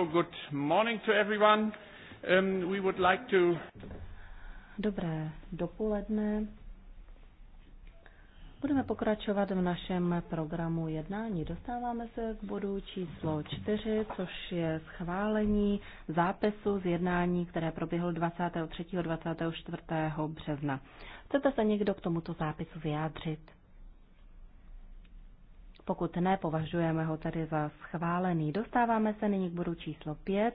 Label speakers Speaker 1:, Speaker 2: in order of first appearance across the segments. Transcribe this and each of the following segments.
Speaker 1: good morning to everyone. Um, we would like to...
Speaker 2: Dobré dopoledne. Budeme pokračovat v našem programu jednání. Dostáváme se k bodu číslo 4, což je schválení zápisu z jednání, které proběhlo 23. a 24. března. Chcete se někdo k tomuto zápisu vyjádřit? Pokud ne, považujeme ho tedy za schválený. Dostáváme se nyní k bodu číslo 5.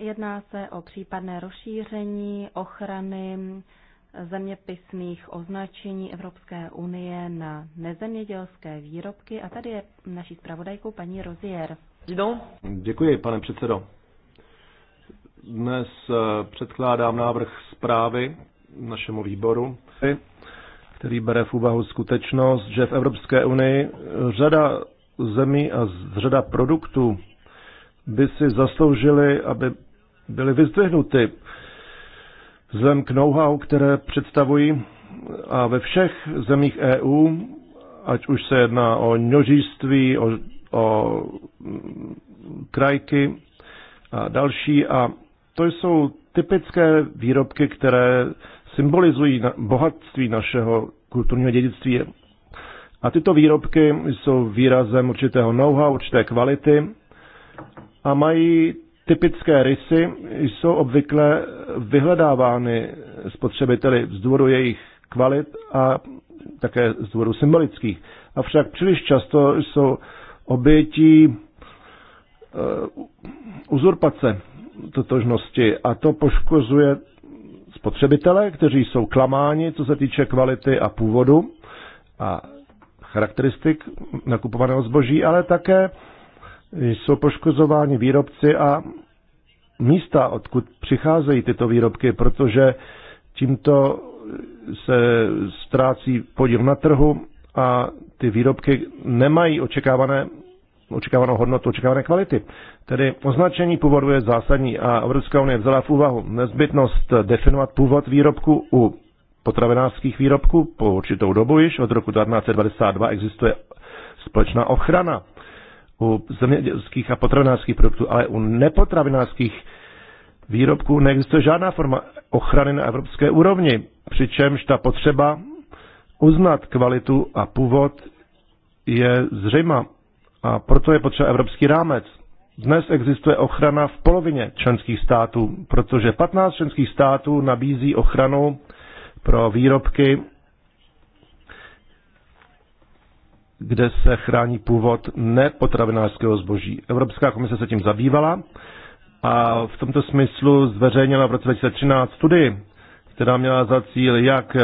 Speaker 2: Jedná se o případné rozšíření ochrany zeměpisných označení Evropské unie na nezemědělské výrobky a tady je naší zpravodajkou paní Rozier.
Speaker 3: Děkuji, pane předsedo. Dnes eh, předkládám návrh zprávy našemu výboru který bere v úvahu skutečnost, že v Evropské unii eh, řada zemí a řada produktů by si zasloužili, aby byly vyzdvihnuty vzhledem k know-how, které představují a ve všech zemích EU, ať už se jedná o ňožíství, o, o krajky a další. A to jsou typické výrobky, které symbolizují bohatství našeho kulturního dědictví. A tyto výrobky jsou výrazem určitého know-how, určité kvality a mají typické rysy, jsou obvykle vyhledávány spotřebiteli z důvodu jejich kvalit a také z důvodu symbolických. Avšak příliš často jsou obětí eh, uzurpace totožnosti a to poškozuje spotřebitele, kteří jsou klamáni, co se týče kvality a původu a charakteristik nakupovaného zboží, ale také jsou poškozováni výrobci a místa, odkud přicházejí tyto výrobky, protože tímto se ztrácí podíl na trhu a ty výrobky nemají očekávané očekávanou hodnotu, očekávané kvality. Tedy označení původu je zásadní a Evropská unie vzala v úvahu nezbytnost definovat původ výrobku u potravinářských výrobků po určitou dobu již. Od roku 1992 existuje společná ochrana u zemědělských a potravinářských produktů, ale u nepotravinářských výrobků neexistuje žádná forma ochrany na evropské úrovni, přičemž ta potřeba uznat kvalitu a původ je zřejmá a proto je potřeba evropský rámec. Dnes existuje ochrana v polovině členských států, protože 15 členských států nabízí ochranu pro výrobky, kde se chrání původ nepotravinářského zboží. Evropská komise se tím zabývala a v tomto smyslu zveřejnila v roce 2013 studii, která měla za cíl, jak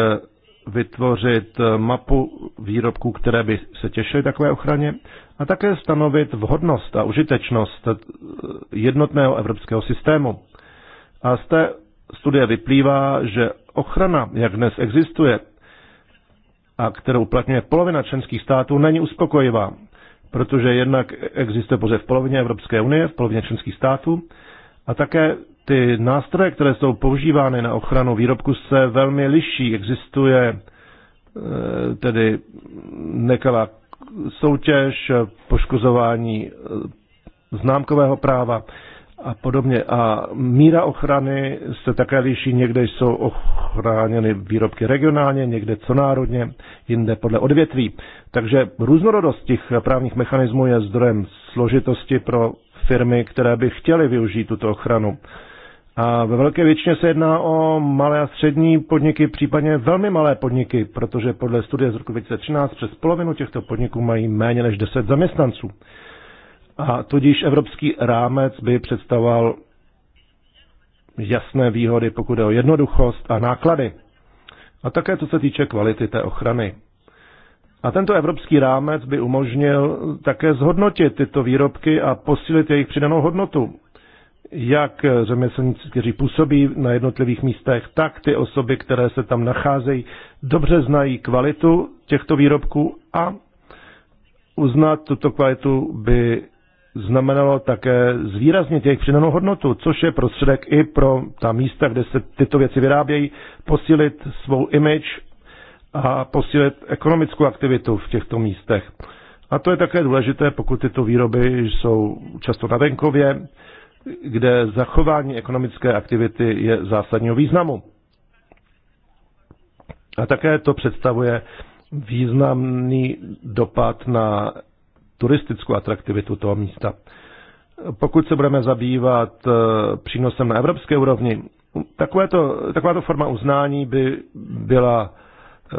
Speaker 3: vytvořit mapu výrobků, které by se těšily takové ochraně a také stanovit vhodnost a užitečnost jednotného evropského systému. A z té studie vyplývá, že ochrana, jak dnes existuje a kterou uplatňuje polovina členských států, není uspokojivá, protože jednak existuje pouze v polovině Evropské unie, v polovině členských států, a také ty nástroje, které jsou používány na ochranu výrobku, se velmi liší. Existuje eh, tedy nekalá soutěž, poškozování eh, známkového práva a podobně. A míra ochrany se také liší, někde jsou ochráněny výrobky regionálně, někde co národně, jinde podle odvětví. Takže různorodost těch právních mechanismů je zdrojem složitosti pro firmy, které by chtěly využít tuto ochranu. A ve velké většině se jedná o malé a střední podniky, případně velmi malé podniky, protože podle studie z roku 2013 přes polovinu těchto podniků mají méně než 10 zaměstnanců. A tudíž evropský rámec by představoval jasné výhody, pokud je o jednoduchost a náklady. A také co se týče kvality té ochrany. A tento evropský rámec by umožnil také zhodnotit tyto výrobky a posílit jejich přidanou hodnotu jak eh, řemeslníci, kteří působí na jednotlivých místech, tak ty osoby, které se tam nacházejí, dobře znají kvalitu těchto výrobků a uznat tuto kvalitu by znamenalo také zvýraznit jejich přidanou hodnotu, což je prostředek i pro ta místa, kde se tyto věci vyrábějí, posílit svou image a posílit ekonomickou aktivitu v těchto místech. A to je také důležité, pokud tyto výroby jsou často na venkově, kde zachování ekonomické aktivity je zásadního významu. A také to představuje významný dopad na turistickou atraktivitu toho místa. Pokud se budeme zabývat eh, přínosem na evropské úrovni, takovéto, takováto forma uznání by byla eh,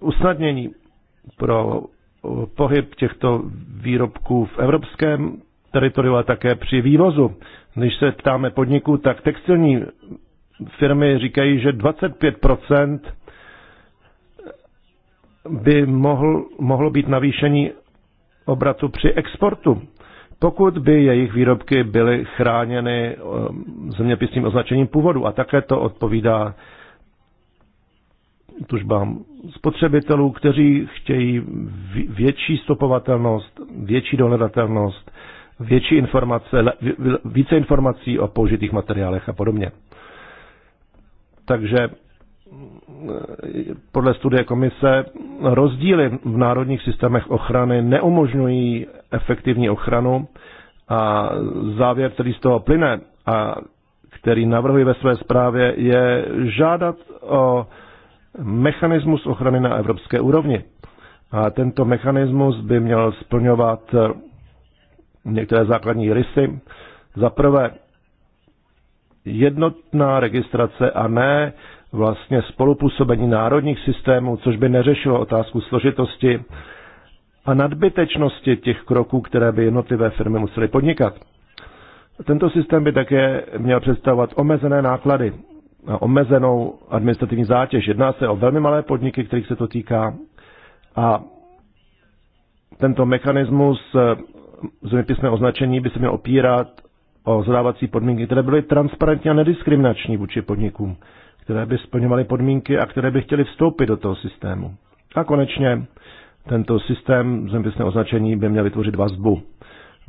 Speaker 3: usnadnění pro pohyb těchto výrobků v evropském teritoriu, ale také při vývozu. Když se ptáme podniků, tak textilní firmy říkají, že 25% by mohl, mohlo být navýšení obratu při exportu, pokud by jejich výrobky byly chráněny eh, zeměpisným označením původu. A také to odpovídá tužbám spotřebitelů, kteří chtějí větší stopovatelnost, větší dohledatelnost, větší informace, více informací o použitých materiálech a podobně. Takže eh, podle studie komise rozdíly v národních systémech ochrany neumožňují efektivní ochranu a závěr, který z toho plyne a který navrhuji ve své zprávě, je žádat o mechanismus ochrany na evropské úrovni. A tento mechanismus by měl splňovat některé základní rysy. Za prvé, jednotná registrace a ne vlastně spolupůsobení národních systémů, což by neřešilo otázku složitosti a nadbytečnosti těch kroků, které by jednotlivé firmy musely podnikat. Tento systém by také měl představovat omezené náklady a omezenou administrativní zátěž. Jedná se o velmi malé podniky, kterých se to týká a tento mechanismus zeměpisné označení by se mělo opírat o zadávací podmínky, které byly transparentní a nediskriminační vůči podnikům, které by splňovaly podmínky a které by chtěly vstoupit do toho systému. A konečně tento systém zeměpisné označení by měl vytvořit vazbu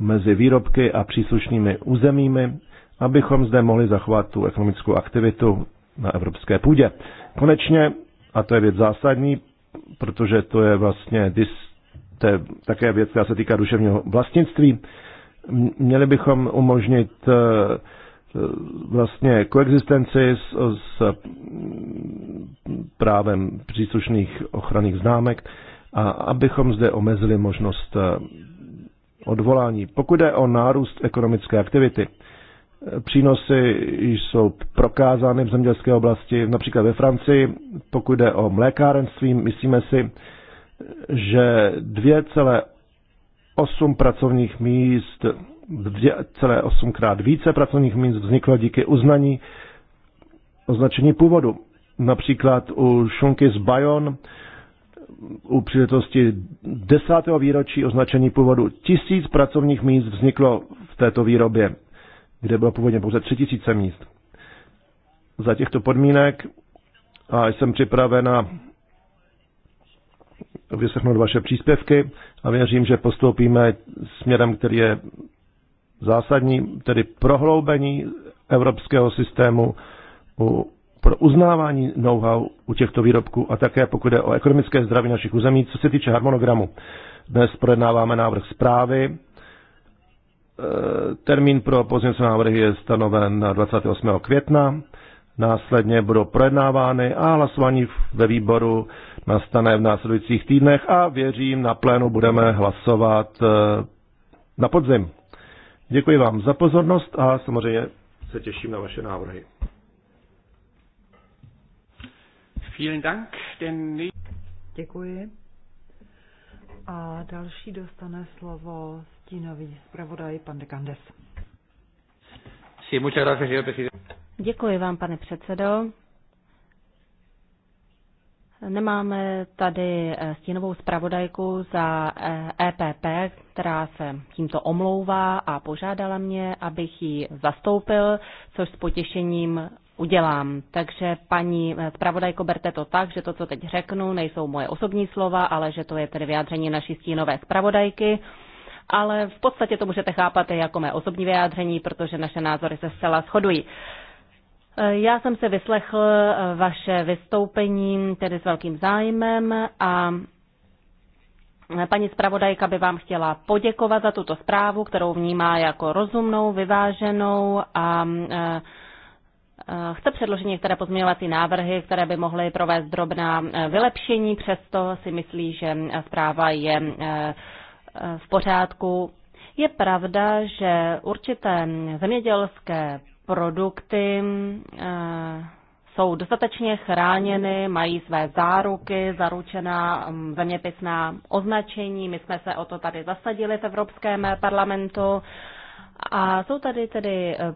Speaker 3: mezi výrobky a příslušnými územími, abychom zde mohli zachovat tu ekonomickou aktivitu na evropské půdě. Konečně, a to je věc zásadní, protože to je vlastně dis- to je také věc, která se týká duševního vlastnictví. Měli bychom umožnit eh, vlastně koexistenci s, s mm, právem příslušných ochranných známek a abychom zde omezili možnost eh, odvolání. Pokud jde o nárůst ekonomické aktivity, eh, přínosy jsou prokázány v zemědělské oblasti, například ve Francii, pokud jde o mlékárenství, myslíme si, že 2,8 pracovních míst, 2,8 krát více pracovních míst vzniklo díky uznání označení původu. Například u šunky z Bayon u příležitosti desátého výročí označení původu tisíc pracovních míst vzniklo v této výrobě, kde bylo původně pouze tři tisíce míst. Za těchto podmínek a jsem připravena vyslechnout vaše příspěvky a věřím, že postoupíme směrem, který je zásadní, tedy prohloubení evropského systému u, pro uznávání know-how u těchto výrobků a také pokud je o ekonomické zdraví našich území. Co se týče harmonogramu, dnes projednáváme návrh zprávy. E, termín pro pozměnce návrhy je stanoven na 28. května. Následně budou projednávány a hlasování ve výboru nastane v následujících týdnech a věřím, na plénu budeme hlasovat eh, na podzim. Děkuji vám za pozornost a samozřejmě se těším na vaše návrhy.
Speaker 4: Děkuji. A další dostane slovo stínový zpravodaj pan de Candes.
Speaker 2: Děkuji vám, pane předsedo. Nemáme tady eh, stínovou zpravodajku za EPP, eh, e která se tímto omlouvá a požádala mě, abych ji zastoupil, což s potěšením udělám. Takže paní eh, zpravodajko, berte to tak, že to, co teď řeknu, nejsou moje osobní slova, ale že to je tedy vyjádření naší stínové zpravodajky. Ale v podstatě to můžete chápat i jako mé osobní vyjádření, protože naše názory se zcela shodují. Eh, já jsem se vyslechl eh, vaše vystoupení tedy s velkým zájmem a eh, paní zpravodajka by vám chtěla poděkovat za tuto zprávu, kterou vnímá jako rozumnou, vyváženou a chce předložit některé pozměňovací návrhy, které by mohly provést drobná vylepšení, přesto si myslí, že zpráva je v pořádku. Je pravda, že určité zemědělské produkty eh, jsou dostatečně chráněny, mají své záruky, zaručená mm, zeměpisná označení. My jsme se o to tady zasadili v Evropském parlamentu. A jsou tady tedy eh,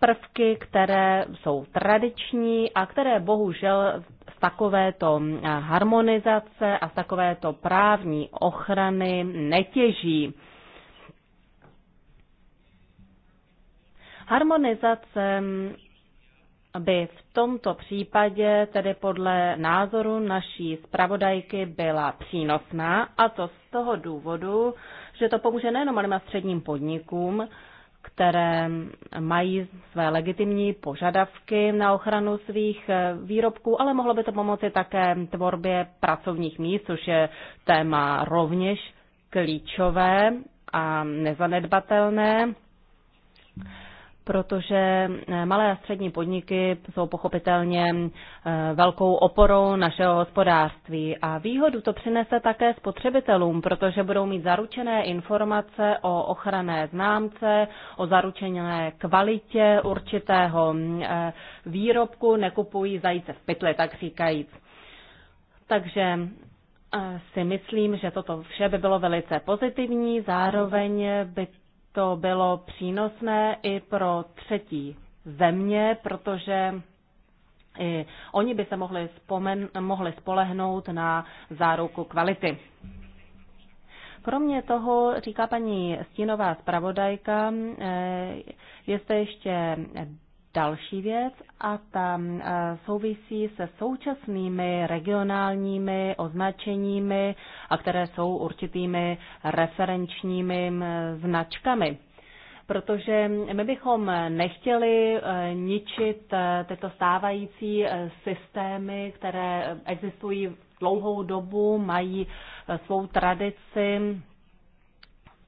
Speaker 2: prvky, které jsou tradiční a které bohužel z takovéto eh, harmonizace a z takovéto právní ochrany netěží. Harmonizace by v tomto případě tedy podle názoru naší zpravodajky byla přínosná a to z toho důvodu, že to pomůže nejenom malým a středním podnikům, které mají své legitimní požadavky na ochranu svých eh, výrobků, ale mohlo by to pomoci také tvorbě pracovních míst, což je téma rovněž klíčové a nezanedbatelné protože eh, malé a střední podniky jsou pochopitelně eh, velkou oporou našeho hospodářství a výhodu to přinese také spotřebitelům, protože budou mít zaručené informace o ochranné známce, o zaručené kvalitě určitého eh, výrobku, nekupují zajíce v pytli, tak říkajíc. Takže si myslím, že toto vše by bylo velice pozitivní, zároveň by to bylo přínosné i pro třetí země, protože i oni by se mohli, spomen, mohli spolehnout na záruku kvality. Kromě toho, říká paní Stínová zpravodajka, eh, je zde ještě další věc a ta eh, souvisí se současnými regionálními označeními a které jsou určitými referenčními mm, značkami. Protože my bychom nechtěli eh, ničit eh, tyto stávající systémy, které existují dlouhou dobu, mají svou tradici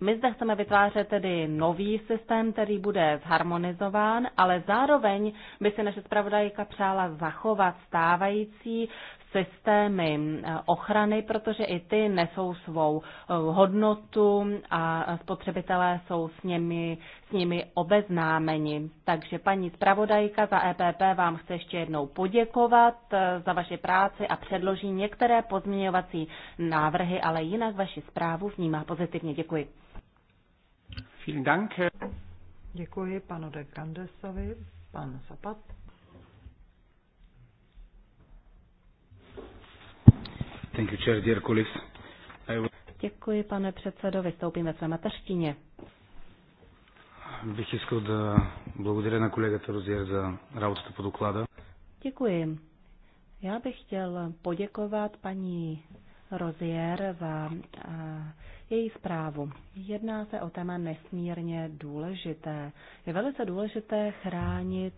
Speaker 2: my zde chceme vytvářet tedy nový systém, který bude zharmonizován, ale zároveň by si naše zpravodajka přála zachovat stávající systémy eh, ochrany, protože i ty nesou svou eh, hodnotu a spotřebitelé jsou s nimi, s nimi obeznámeni. Takže paní zpravodajka za EPP vám chce ještě jednou poděkovat eh, za vaši práci a předloží některé pozměňovací návrhy, ale jinak vaši zprávu vnímá pozitivně. Děkuji. Vielen Dank. Děkuji
Speaker 4: panu de Grandesovi, pan Zapat. Thank you, chair, dear colleagues. I will...
Speaker 2: Děkuji, pane předsedo, vystoupím ve své mateřštině.
Speaker 4: Bych chtěl da благодаря на колегата Розиер за работата по доkladu.
Speaker 2: Děkuji. Já bych chtěl poděkovat paní Rozier za její zprávu. Jedná se o téma nesmírně důležité. Je velice důležité chránit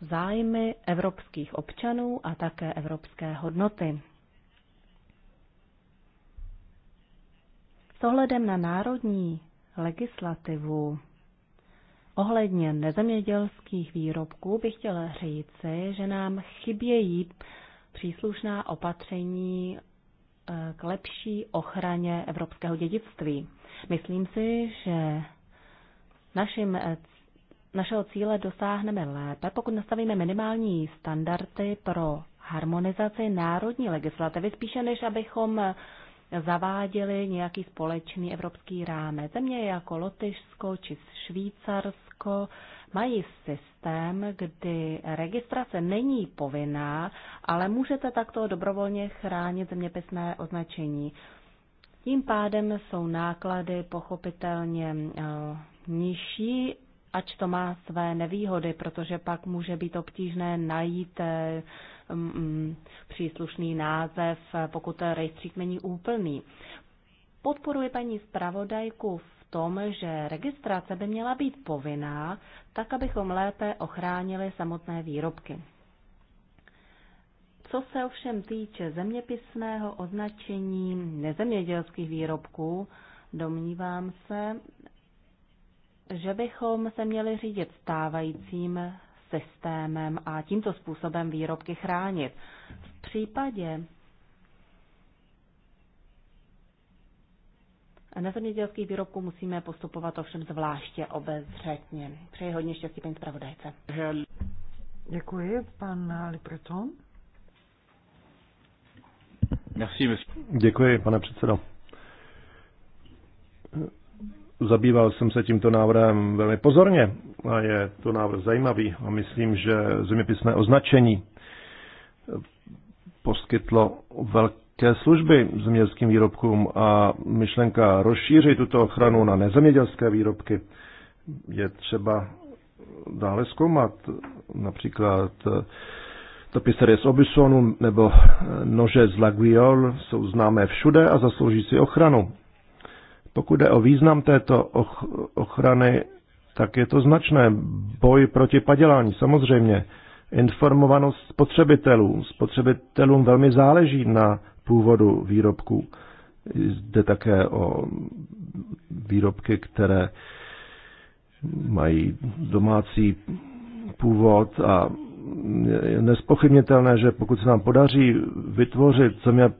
Speaker 2: zájmy evropských občanů a také evropské hodnoty. S ohledem na národní legislativu ohledně nezemědělských výrobků bych chtěla říci, že nám chybějí příslušná opatření k lepší ochraně evropského dědictví. Myslím si, že našim, našeho cíle dosáhneme lépe, pokud nastavíme minimální standardy pro harmonizaci národní legislativy, spíše než abychom zaváděly nějaký společný evropský rámec. Země jako Lotyšsko či Švýcarsko mají systém, kdy registrace není povinná, ale můžete takto dobrovolně chránit zeměpisné označení. Tím pádem jsou náklady pochopitelně eh, nižší, ač to má své nevýhody, protože pak může být obtížné najít eh, Mm, mm, příslušný název, pokud rejstřík není úplný. Podporuji paní zpravodajku v tom, že registrace by měla být povinná, tak abychom lépe ochránili samotné výrobky. Co se ovšem týče zeměpisného označení nezemědělských výrobků, domnívám se, že bychom se měli řídit stávajícím systémem a tímto způsobem výrobky chránit. V případě zemědělských výrobků musíme postupovat ovšem zvláště obezřetně. Přeji hodně štěstí, paní zpravodajce. Děkuji,
Speaker 4: pan Lipreton.
Speaker 3: Děkuji, pane předsedo Zabýval jsem se tímto návrhem velmi pozorně a je to návrh zajímavý a myslím, že zeměpisné označení poskytlo velké služby zemědělským výrobkům a myšlenka rozšířit tuto ochranu na nezemědělské výrobky je třeba dále zkoumat. Například eh, tapisserie z Obisonu nebo eh, nože z Laguiol jsou známé všude a zaslouží si ochranu. Pokud jde o význam této ochrany, tak je to značné. Boj proti padělání, samozřejmě. Informovanost spotřebitelů. Spotřebitelům velmi záleží na původu výrobků. Jde také o výrobky, které mají domácí původ a je nespochybnitelné, že pokud se nám podaří vytvořit země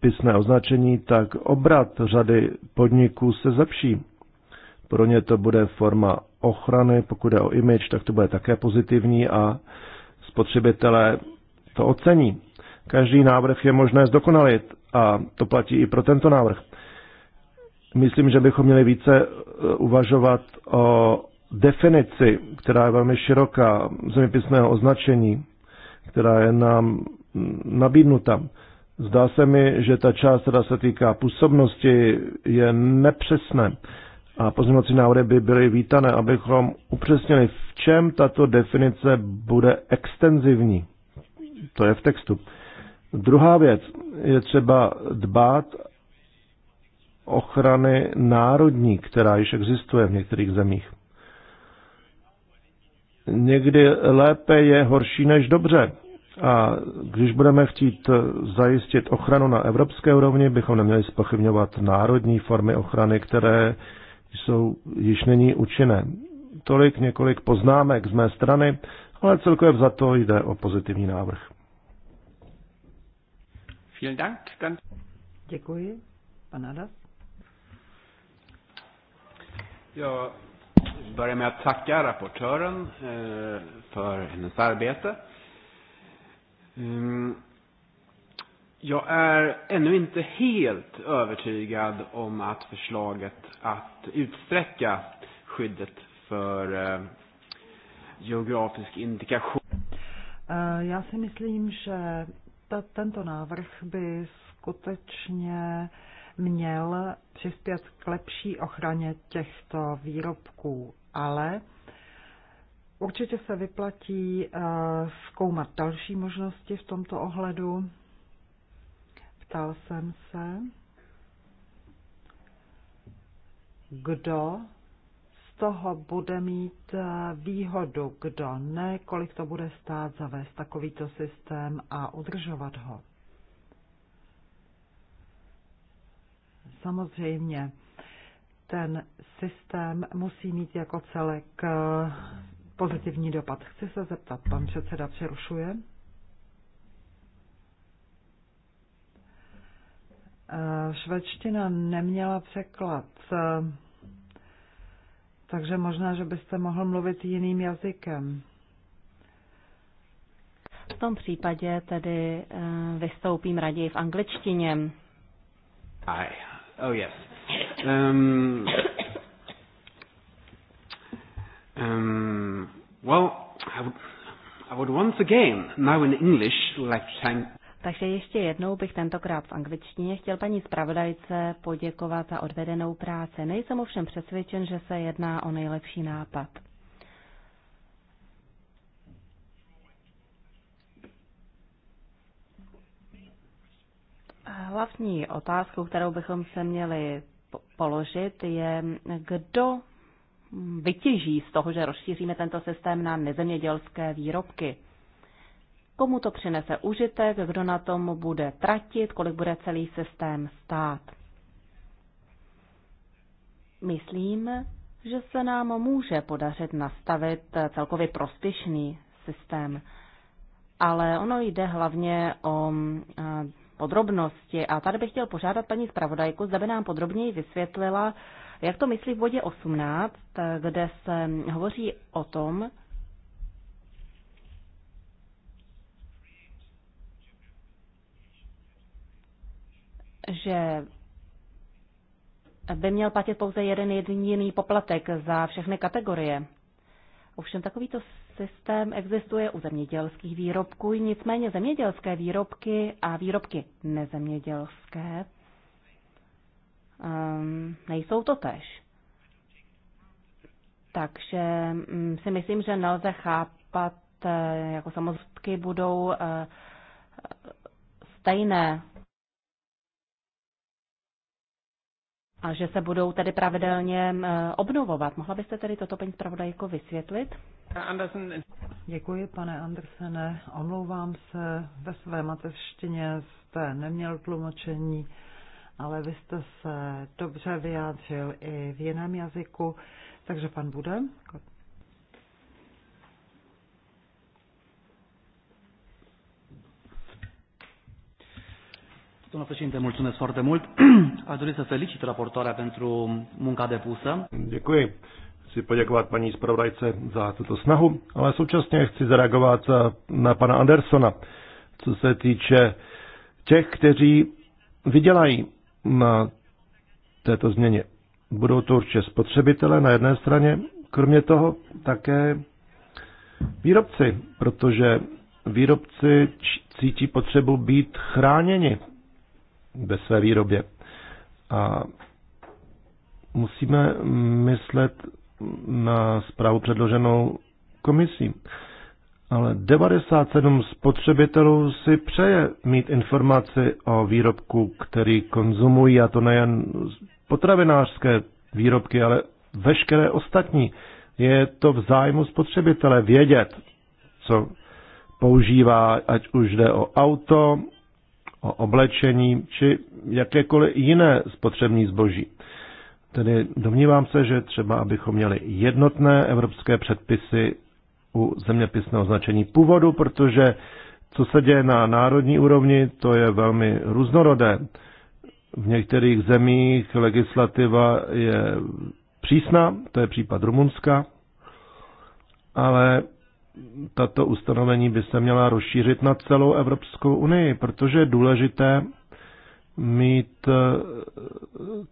Speaker 3: zeměpisné označení, tak obrat řady podniků se zlepší. Pro ně to bude forma ochrany, pokud je o image, tak to bude také pozitivní a spotřebitelé to ocení. Každý návrh je možné zdokonalit a to platí i pro tento návrh. Myslím, že bychom měli více e, uvažovat o definici, která je velmi široká, zeměpisného označení, která je nám nabídnuta. Zdá se mi, že ta část, která se týká působnosti, je nepřesné. A pozměňovací návrhy by byly vítané, abychom upřesnili, v čem tato definice bude extenzivní. To je v textu. Druhá věc je třeba dbát ochrany národní, která již existuje v některých zemích. Někdy lépe je horší než dobře. A když budeme chtít eh, zajistit ochranu na evropské úrovni, bychom neměli spochybňovat národní formy ochrany, které jsou již není účinné. Tolik několik poznámek z mé strany, ale celkově za to jde o pozitivní návrh. Děkuji. Pan
Speaker 4: Adas? Já börjar med att tacka rapportören eh, för hennes arbete. Ehm, jag är ännu inte helt övertygad om att förslaget att utsträcka skyddet för eh, geografisk indikation. Eh, já si myslím, že ta, tento návrh by skutečně měl přispět k lepší ochraně těchto výrobků, ale Určitě se vyplatí eh, zkoumat další možnosti v tomto ohledu. Ptal jsem se, kdo z toho bude mít eh, výhodu, kdo ne, kolik to bude stát zavést takovýto systém a udržovat ho. Samozřejmě ten systém musí mít jako celek eh, pozitivní dopad. Chci se zeptat, pan předseda přerušuje. Eh, švédština neměla překlad, eh,
Speaker 2: takže možná, že byste mohl mluvit jiným jazykem. V tom případě tedy eh, vystoupím raději v angličtině. I, oh yes. Um,
Speaker 4: um, Well, I would, I would once again, now in English, like thank
Speaker 2: takže ještě jednou bych tentokrát v angličtině chtěl paní zpravodajce poděkovat za odvedenou práci. Nejsem ovšem přesvědčen, že se jedná o nejlepší nápad. Hlavní otázkou, kterou bychom se měli položit, je, kdo vytěží z toho, že rozšíříme tento systém na nezemědělské výrobky. Komu to přinese užitek, kdo na tom bude tratit, kolik bude celý systém stát. Myslím, že se nám může podařit nastavit celkově prospěšný systém, ale ono jde hlavně o eh, podrobnosti. A tady bych chtěl požádat paní zpravodajku, zda by nám podrobněji vysvětlila, jak to myslí v bodě 18, kde se hovoří o tom, že by měl platit pouze jeden jediný poplatek za všechny kategorie. Ovšem takovýto systém existuje u zemědělských výrobků, nicméně zemědělské výrobky a výrobky nezemědělské Ehm, nejsou to tež. Takže mm, si myslím, že nelze chápat, eh, jako samozřejmě budou eh, stejné a že se budou tedy pravidelně eh, obnovovat. Mohla byste tedy toto paní zpravodajko vysvětlit? Anderson. Děkuji, pane Andersene.
Speaker 4: Omlouvám se, ve své mateřštině jste neměl tlumočení ale vy jste se dobře vyjádřil i v jiném jazyku, takže pan bude. Domnul președinte, mulțumesc foarte mult.
Speaker 3: Aș dori să felicit raportoarea pentru munca depusă. Děkuji. Chci poděkovat paní zpravodajce za tuto snahu, ale současně chci zareagovat na pana Andersona, co se týče těch, kteří vydělají na této změně. Budou to určitě spotřebitelé na jedné straně, kromě toho také výrobci, protože výrobci cítí potřebu být chráněni ve své výrobě. A musíme myslet na zprávu předloženou komisí ale 97 spotřebitelů si přeje mít informaci o výrobku, který konzumují, a to nejen potravinářské výrobky, ale veškeré ostatní. Je to v zájmu spotřebitele vědět, co používá, ať už jde o auto, o oblečení či jakékoliv jiné spotřební zboží. Tedy domnívám se, že třeba abychom měli jednotné evropské předpisy u zeměpisného značení původu, protože co se děje na národní úrovni, to je velmi různorodé. V některých zemích legislativa je přísná, to je případ Rumunska, ale tato ustanovení by se měla rozšířit na celou Evropskou unii, protože je důležité mít eh,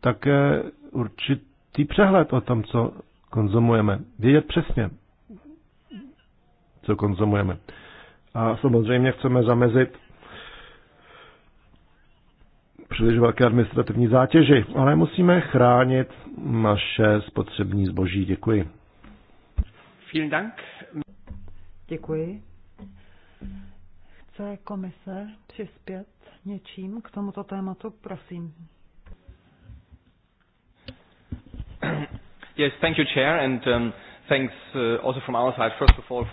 Speaker 3: také určitý přehled o tom, co konzumujeme. Vědět přesně, co konzumujeme. A samozřejmě chceme zamezit příliš velké administrativní zátěži, ale musíme chránit naše spotřební zboží. Děkuji.
Speaker 4: Vielen Dank. Děkuji. Chce komise přispět něčím k tomuto tématu? Prosím.
Speaker 3: Yes, thank you, Chair, and um, Uh,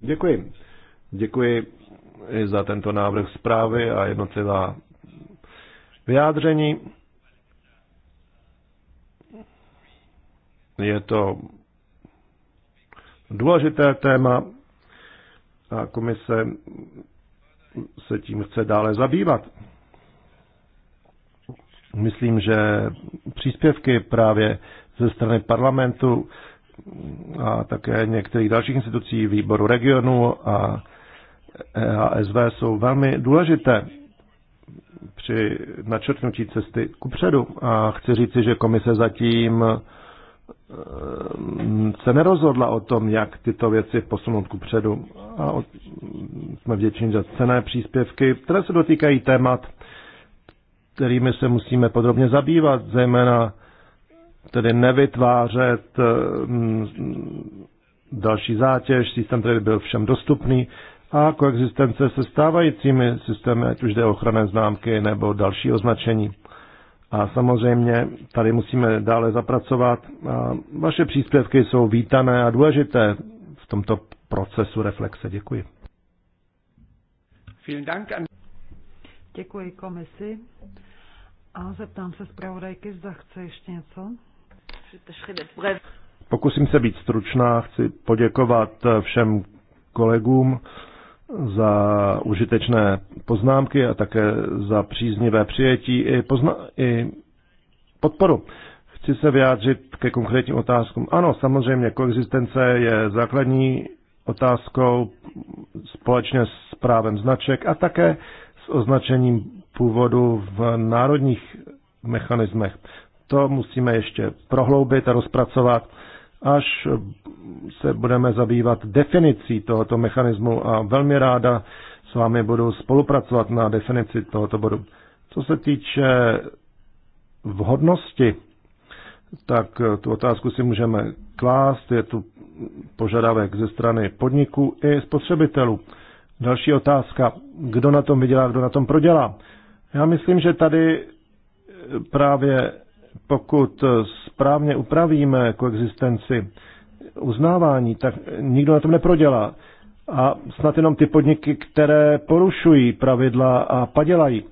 Speaker 3: Děkuji. Děkuji i za tento návrh zprávy a jednotlivá vyjádření. Je to důležité téma a komise se tím chce dále zabývat. Myslím, že příspěvky právě ze strany parlamentu a také některých dalších institucí, výboru regionu a EASV jsou velmi důležité při načrtnutí cesty kupředu. A chci říci, že komise zatím eh, se nerozhodla o tom, jak tyto věci posunout kupředu. A jsme vděční za cené příspěvky, které se dotýkají témat, kterými se musíme podrobně zabývat, zejména tedy nevytvářet eh, mm, další zátěž, systém tedy byl všem dostupný a koexistence se stávajícími systémy, ať už jde o ochranné známky nebo další označení. A samozřejmě tady musíme dále zapracovat. A vaše příspěvky jsou vítané a důležité v tomto procesu reflexe. Děkuji.
Speaker 4: Děkuji komisi. A zeptám se zpravodajky, zda chce ještě něco.
Speaker 3: Pokusím se být stručná, chci poděkovat eh, všem kolegům za užitečné poznámky a také za příznivé přijetí i, pozna- i podporu. Chci se vyjádřit ke konkrétním otázkům. Ano, samozřejmě, koexistence je základní otázkou společně s právem značek a také s označením původu v národních mechanismech. To musíme ještě prohloubit a rozpracovat, až se budeme zabývat definicí tohoto mechanismu a velmi ráda s vámi budu spolupracovat na definici tohoto bodu. Co se týče vhodnosti, tak tu otázku si můžeme klást. Je tu požadavek ze strany podniků i spotřebitelů. Další otázka, kdo na tom vydělá, kdo na tom prodělá. Já myslím, že tady právě pokud správně upravíme koexistenci uznávání, tak nikdo na tom neprodělá. A snad jenom ty podniky, které porušují pravidla a padělají.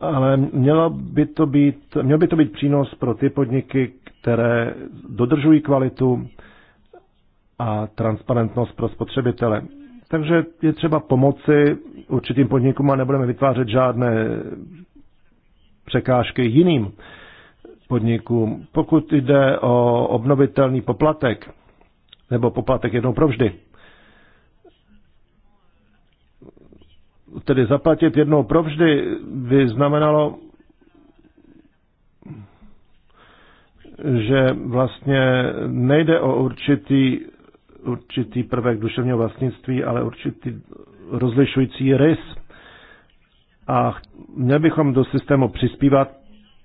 Speaker 3: Ale mělo by to být, měl by to být přínos pro ty podniky, které dodržují kvalitu a transparentnost pro spotřebitele. Takže je třeba pomoci určitým podnikům a nebudeme vytvářet žádné překážky jiným podnikům. Pokud jde o obnovitelný poplatek, nebo poplatek jednou provždy, tedy zaplatit jednou provždy by znamenalo, že vlastně nejde o určitý, určitý prvek duševního vlastnictví, ale určitý rozlišující rys. A měli bychom do systému přispívat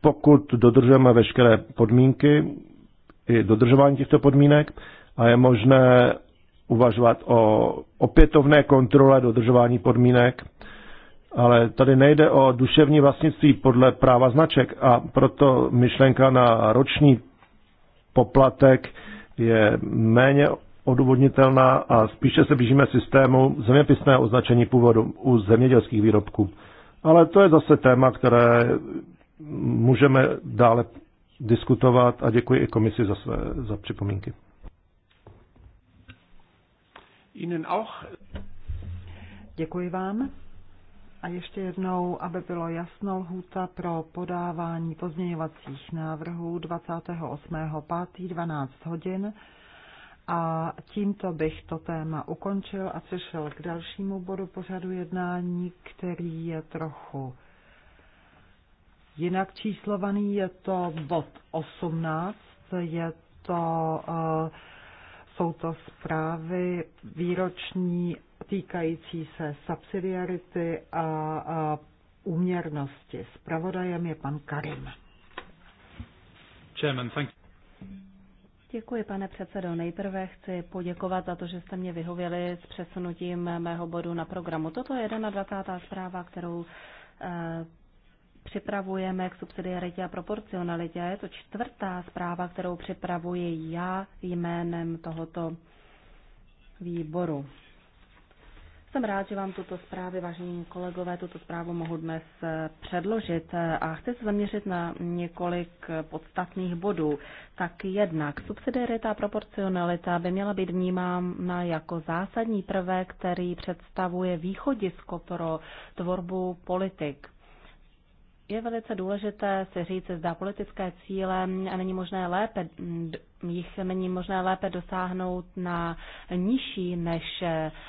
Speaker 3: pokud dodržujeme veškeré podmínky, i dodržování těchto podmínek a je možné uvažovat o opětovné kontrole dodržování podmínek, ale tady nejde o duševní vlastnictví podle práva značek a proto myšlenka na roční poplatek je méně odůvodnitelná a spíše se blížíme systému zeměpisného označení původu u zemědělských výrobků. Ale to je zase téma, které můžeme dále diskutovat a děkuji i komisi za, své, za připomínky. Ihnen auch.
Speaker 4: Děkuji vám. A ještě jednou, aby bylo jasno, lhůta pro podávání pozměňovacích návrhů 28.5.12 hodin. A tímto bych to téma ukončil a přešel k dalšímu bodu pořadu jednání, který je trochu Jinak číslovaný je to bod 18, je to, eh, jsou to zprávy výroční týkající se subsidiarity a, úměrnosti. Spravodajem je pan Karim. Chairman, thank you.
Speaker 2: Děkuji, pane předsedo. Nejprve chci poděkovat za to, že jste mě vyhověli s přesunutím mého bodu na programu. Toto je 21. zpráva, kterou eh, připravujeme k subsidiaritě a proporcionalitě. Je to čtvrtá zpráva, kterou připravuji já jménem tohoto výboru. Jsem rád, že vám tuto zprávu, vážení kolegové, tuto zprávu mohu dnes eh, předložit eh, a chci se zaměřit na několik podstatných bodů. Tak jednak subsidiarita a proporcionalita by měla být vnímána jako zásadní prvek, který představuje východisko pro tvorbu politik. Je velice důležité si říct, zda politické cíle není možné lépe, jich není možné lépe dosáhnout na nižší než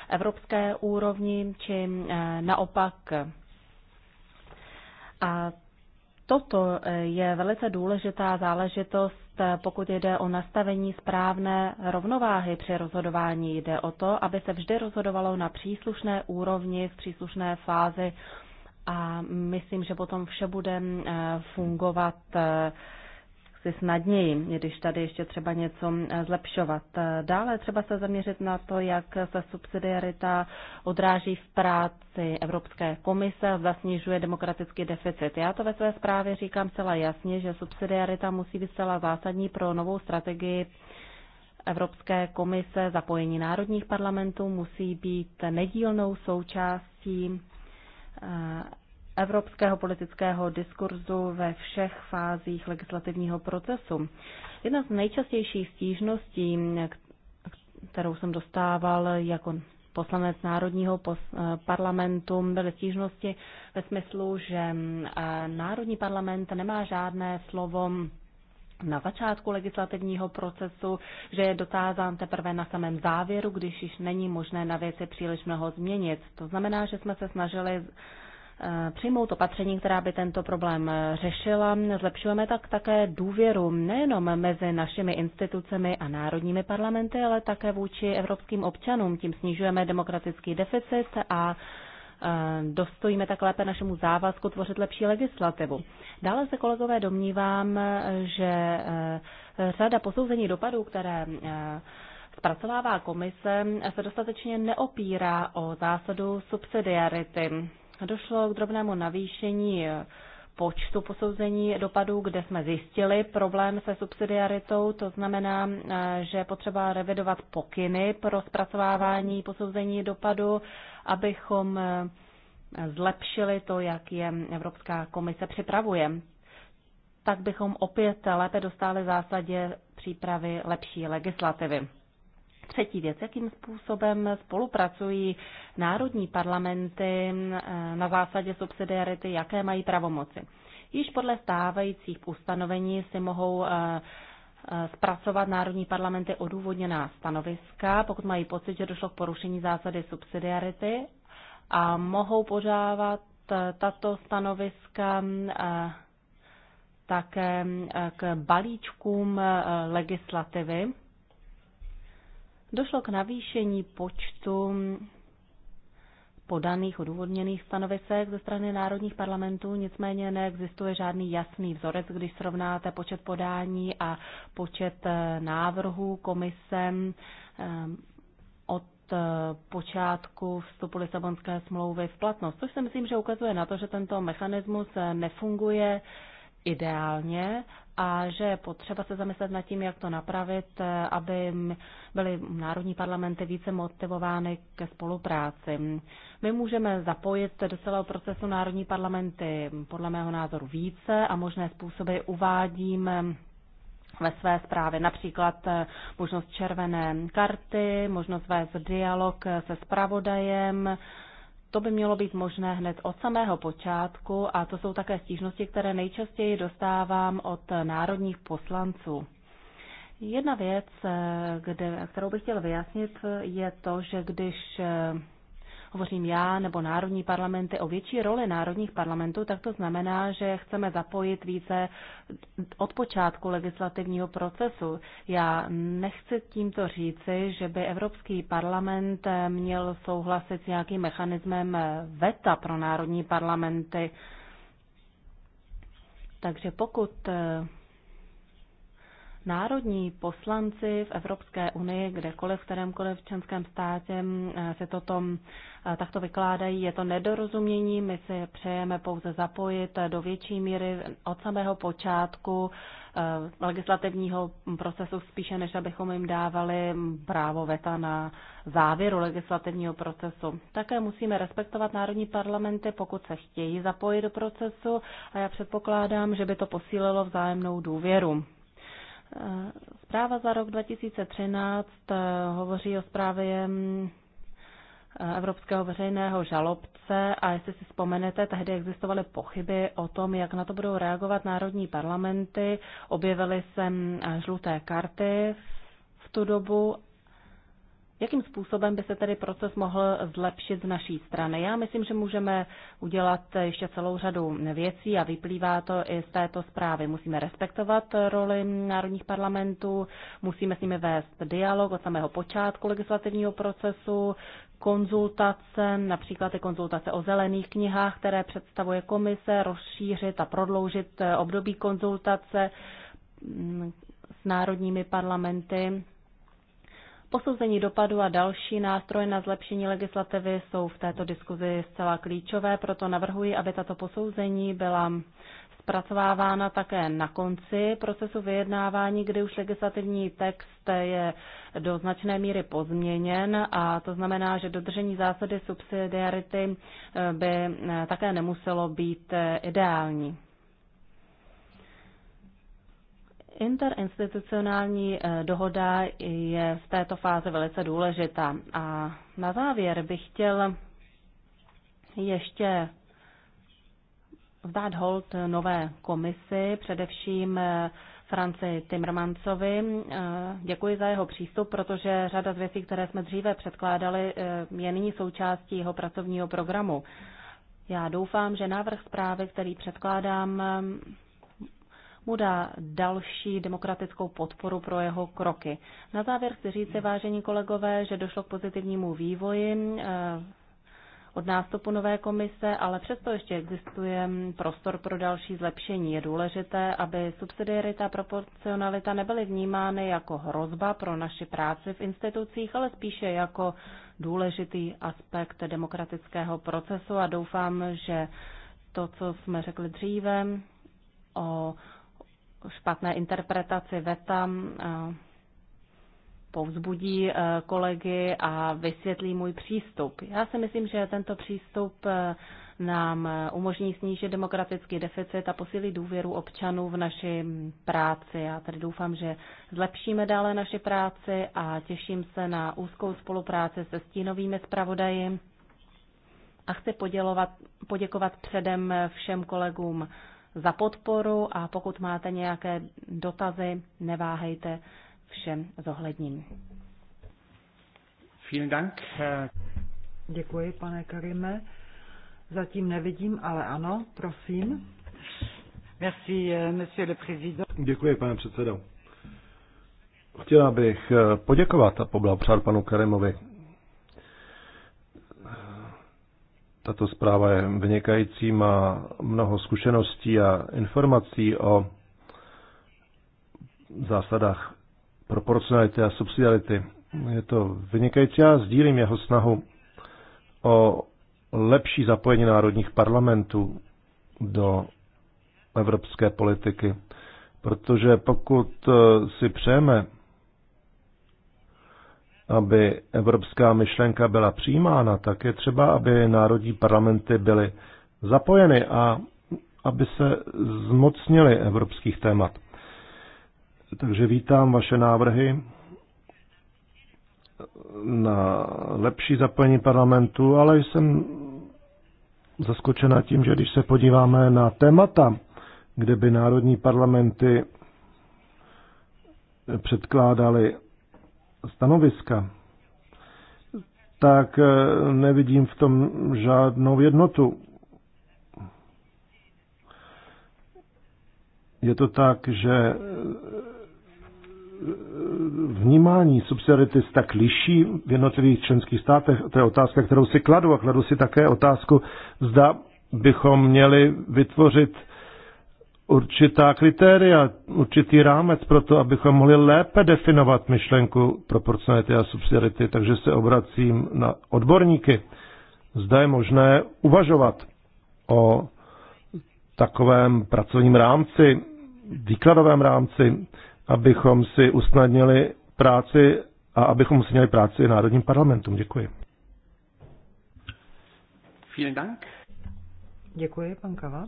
Speaker 2: evropské úrovni, či eh, naopak. A toto eh, je velice důležitá záležitost, pokud jde o nastavení správné rovnováhy při rozhodování. Jde o to, aby se vždy rozhodovalo na příslušné úrovni v příslušné fázi a myslím, že potom vše bude eh, fungovat eh, si snadněji, když tady ještě třeba něco eh, zlepšovat. Dále třeba se zaměřit na to, jak se subsidiarita odráží v práci Evropské komise, zda snižuje demokratický deficit. Já to ve své zprávě říkám celá jasně, že subsidiarita musí být celá zásadní pro novou strategii Evropské komise. Zapojení národních parlamentů musí být nedílnou součástí Eh, evropského politického diskurzu ve všech fázích legislativního procesu. Jedna z nejčastějších stížností, kterou jsem dostával jako poslanec Národního eh, parlamentu, byly stížnosti ve smyslu, že eh, Národní parlament nemá žádné slovo na začátku legislativního procesu, že je dotázán teprve na samém závěru, když již není možné na věci příliš mnoho změnit. To znamená, že jsme se snažili eh, přijmout opatření, která by tento problém eh, řešila. Zlepšujeme tak také důvěru nejenom mezi našimi institucemi a národními parlamenty, ale také vůči evropským občanům. Tím snižujeme demokratický deficit a Eh, dostojíme tak lépe našemu závazku tvořit lepší legislativu. Dále se kolegové domnívám, že eh, řada posouzení dopadů, které eh, zpracovává komise, se dostatečně neopírá o zásadu subsidiarity. Došlo k drobnému navýšení počtu posouzení dopadů, kde jsme zjistili problém se subsidiaritou. To znamená, že je potřeba revidovat pokyny pro zpracovávání posouzení dopadu abychom eh, zlepšili to, jak je Evropská komise připravuje. Tak bychom opět lépe dostali v zásadě přípravy lepší legislativy. Třetí věc, jakým způsobem spolupracují národní parlamenty eh, na zásadě subsidiarity, jaké mají pravomoci. Již podle stávajících ustanovení si mohou eh, Eh, zpracovat národní parlamenty odůvodněná stanoviska, pokud mají pocit, že došlo k porušení zásady subsidiarity a mohou požávat eh, tato stanoviska eh, také k balíčkům legislativy. Došlo k navýšení počtu podaných odůvodněných stanovisek ze strany národních parlamentů, nicméně neexistuje žádný jasný vzorec, když srovnáte počet podání a počet eh, návrhů komisem eh, od eh, počátku vstupu Lisabonské smlouvy v platnost, což si myslím, že ukazuje na to, že tento mechanismus nefunguje ideálně a že je potřeba se zamyslet nad tím, jak to napravit, eh, aby byly národní parlamenty více motivovány ke spolupráci. My můžeme zapojit do celého procesu národní parlamenty podle mého názoru více a možné způsoby uvádím eh, ve své zprávě. Například eh, možnost červené karty, možnost vést dialog se spravodajem, to by mělo být možné hned od samého počátku a to jsou také stížnosti, které nejčastěji dostávám od národních poslanců. Jedna věc, kde, kterou bych chtěl vyjasnit, je to, že když eh, hovořím já nebo národní parlamenty, o větší roli národních parlamentů, tak to znamená, že chceme zapojit více od počátku legislativního procesu. Já nechci tímto říci, že by Evropský parlament měl souhlasit s nějakým mechanismem VETA pro národní parlamenty. Takže pokud národní poslanci v Evropské unii, kdekoliv, v kterémkoliv členském státě mm, eh, se toto mm, eh, takto vykládají. Je to nedorozumění, my si přejeme pouze zapojit eh, do větší míry od samého počátku legislativního mm, procesu spíše, než abychom jim dávali právo veta na závěru legislativního procesu. Také musíme respektovat národní parlamenty, pokud se chtějí zapojit do procesu a já předpokládám, že by to posílilo vzájemnou důvěru. Zpráva za rok 2013 eh, hovoří o zprávě mm, eh, Evropského veřejného žalobce a jestli si vzpomenete, tehdy existovaly pochyby o tom, jak na to budou reagovat národní parlamenty. Objevily se mm, eh, žluté karty v tu dobu Jakým způsobem by se tedy proces mohl zlepšit z naší strany? Já myslím, že můžeme udělat ještě celou řadu věcí a vyplývá to i z této zprávy. Musíme respektovat roli národních parlamentů, musíme s nimi vést dialog od samého počátku legislativního procesu, konzultace, například i konzultace o zelených knihách, které představuje komise, rozšířit a prodloužit období konzultace s národními parlamenty Posouzení dopadu a další nástroje na zlepšení legislativy jsou v této diskuzi zcela klíčové, proto navrhuji, aby tato posouzení byla zpracovávána také na konci procesu vyjednávání, kdy už legislativní text je do značné míry pozměněn a to znamená, že dodržení zásady subsidiarity by také nemuselo být ideální. Interinstitucionální eh, dohoda je v této fázi velice důležitá. A na závěr bych chtěl ještě vzdát hold nové komisi, především eh, Franci Timmermansovi. Eh, děkuji za jeho přístup, protože řada z věcí, které jsme dříve předkládali, je nyní součástí jeho pracovního programu. Já doufám, že návrh zprávy, který předkládám, mu dá další demokratickou podporu pro jeho kroky. Na závěr chci říct, vážení kolegové, že došlo k pozitivnímu vývoji eh, od nástupu nové komise, ale přesto ještě existuje prostor pro další zlepšení. Je důležité, aby subsidiarita a proporcionalita nebyly vnímány jako hrozba pro naši práci v institucích, ale spíše jako důležitý aspekt demokratického procesu a doufám, že to, co jsme řekli dříve o špatné interpretaci VETA eh, povzbudí eh, kolegy a vysvětlí můj přístup. Já si myslím, že tento přístup eh, nám umožní snížit demokratický deficit a posílit důvěru občanů v naši práci. Já tedy doufám, že zlepšíme dále naši práci a těším se na úzkou spolupráci se stínovými zpravodaji. A chci poděkovat předem všem kolegům za podporu a pokud máte nějaké dotazy, neváhejte všem zohledním. Vielen Dank. Děkuji, pane Karime.
Speaker 4: Zatím nevidím, ale ano, prosím. Merci, eh, monsieur le président.
Speaker 3: Děkuji, pane předsedo. Chtěla bych eh, poděkovat a poblahopřát panu Karimovi Tato zpráva je vynikající, má mnoho zkušeností a informací o zásadách proporcionality a subsidiarity. Je to vynikající a sdílím jeho snahu o lepší zapojení národních parlamentů do evropské politiky. Protože pokud eh, si přejeme aby evropská myšlenka byla přijímána, tak je třeba, aby národní parlamenty byly zapojeny a aby se zmocnili evropských témat. Takže vítám vaše návrhy na lepší zapojení parlamentu, ale jsem zaskočena tím, že když se podíváme na témata, kde by národní parlamenty předkládali stanoviska, tak eh, nevidím v tom žádnou jednotu. Je to tak, že eh, vnímání subsidiarity se tak liší v jednotlivých členských státech. To je otázka, kterou si kladu a kladu si také otázku, zda bychom měli vytvořit určitá kritéria, určitý rámec pro to, abychom mohli lépe definovat myšlenku proporcionality a subsidiarity, takže se obracím na odborníky. Zda je možné uvažovat o takovém pracovním rámci, výkladovém rámci, abychom si usnadnili práci a abychom si měli práci národním parlamentům. Děkuji.
Speaker 4: Vielen Dank. Děkuji, pan Kava.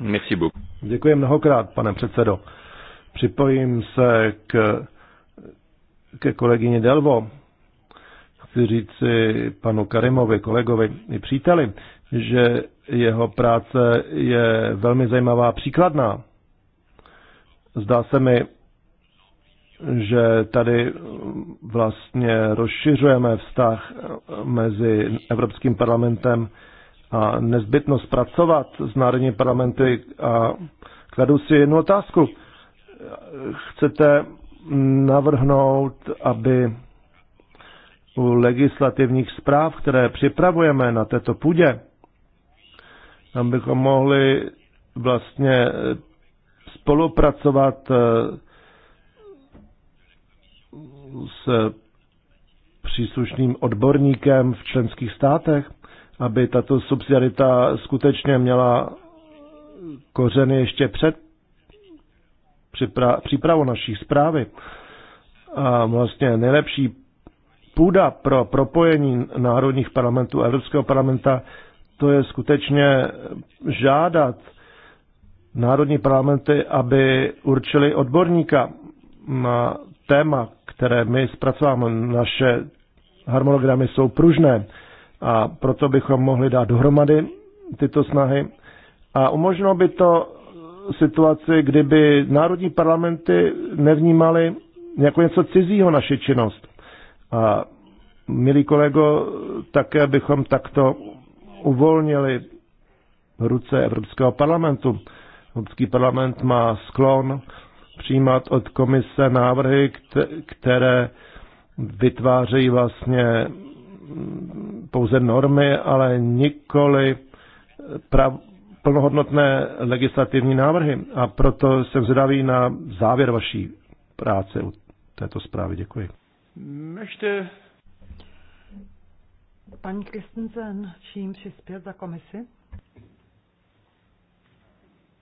Speaker 3: Merci beaucoup. Děkuji mnohokrát, pane předsedo. Připojím se k, ke kolegyni Delvo. Chci říci panu Karimovi, kolegovi i příteli, že jeho práce je velmi zajímavá příkladná. Zdá se mi, že tady vlastně rozšiřujeme vztah mezi Evropským parlamentem a nezbytnost pracovat s národní parlamenty a kladu si jednu otázku. Chcete navrhnout, aby u legislativních zpráv, které připravujeme na této půdě, abychom mohli vlastně spolupracovat eh, s příslušným odborníkem v členských státech aby tato subsidiarita skutečně měla kořeny ještě před přípravou naší zprávy. A vlastně nejlepší půda pro propojení národních parlamentů a Evropského parlamenta, to je skutečně žádat národní parlamenty, aby určili odborníka na téma, které my zpracováme. Naše harmonogramy jsou pružné a proto bychom mohli dát dohromady tyto snahy. A umožnilo by to situaci, kdyby národní parlamenty nevnímaly jako něco cizího naši činnost. A milí kolego, také bychom takto uvolnili ruce Evropského parlamentu. Evropský parlament má sklon přijímat od komise návrhy, které vytvářejí vlastně pouze normy, ale nikoli prav, plnohodnotné legislativní návrhy. A proto jsem zvědavý na závěr vaší práce u této zprávy. Děkuji.
Speaker 4: Ještě paní Kristensen, čím přispět za komisi?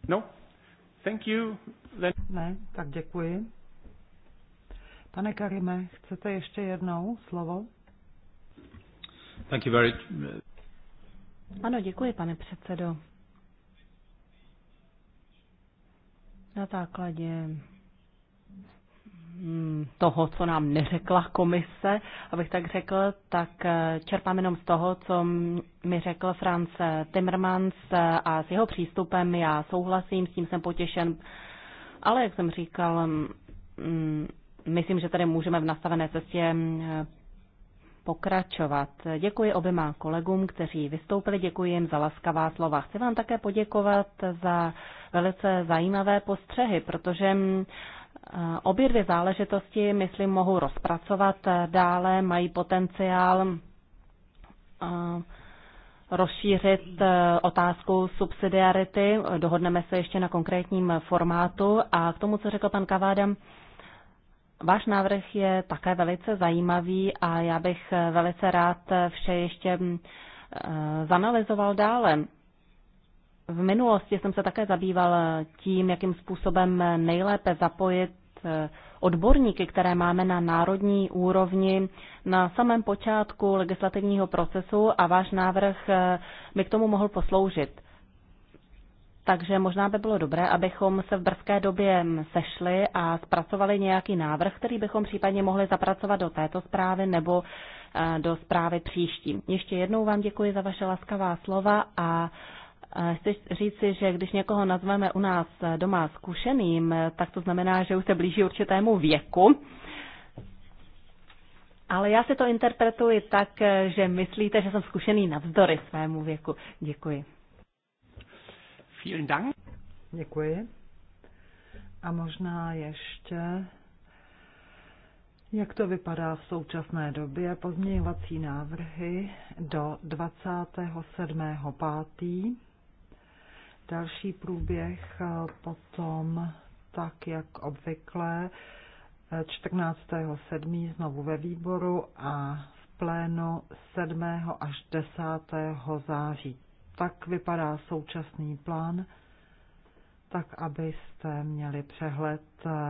Speaker 4: No, thank you. Then... Ne, tak děkuji. Pane Karime, chcete ještě jednou slovo? Thank you very... Uh,
Speaker 2: ano, děkuji, pane předsedo. Na základě mm, toho, co nám neřekla komise, abych tak řekl, tak eh, čerpám jenom z toho, co mi řekl Franz Timmermans eh, a s jeho přístupem já souhlasím, s tím jsem potěšen. Ale jak jsem říkal, mm, mm, myslím, že tady můžeme v nastavené cestě eh, pokračovat. Děkuji oběma kolegům, kteří vystoupili, děkuji jim za laskavá slova. Chci vám také poděkovat za velice zajímavé postřehy, protože mm, eh, obě dvě záležitosti, myslím, mohou rozpracovat dále, mají potenciál eh, rozšířit eh, otázku subsidiarity. Dohodneme se ještě na konkrétním formátu. A k tomu, co řekl pan Kaváda, Váš návrh je také velice zajímavý a já bych velice rád vše ještě mm, eh, zanalizoval dále. V minulosti jsem se také zabýval tím, jakým způsobem nejlépe zapojit eh, odborníky, které máme na národní úrovni na samém počátku legislativního procesu a váš návrh eh, by k tomu mohl posloužit takže možná by bylo dobré, abychom se v brzké době sešli a zpracovali nějaký návrh, který bychom případně mohli zapracovat do této zprávy nebo eh, do zprávy příští. Ještě jednou vám děkuji za vaše laskavá slova a eh, chci říci, že když někoho nazveme u nás eh, doma zkušeným, tak to znamená, že už se blíží určitému věku. Ale já si to interpretuji tak, že myslíte, že jsem zkušený navzdory svému věku. Děkuji. Vielen Dank. Děkuji.
Speaker 4: A možná ještě, jak to vypadá v současné době, pozměňovací návrhy do 27.5. Další průběh potom, tak jak obvykle, 14.7. znovu ve výboru a v plénu 7. až 10. září tak vypadá současný plán, tak abyste měli přehled,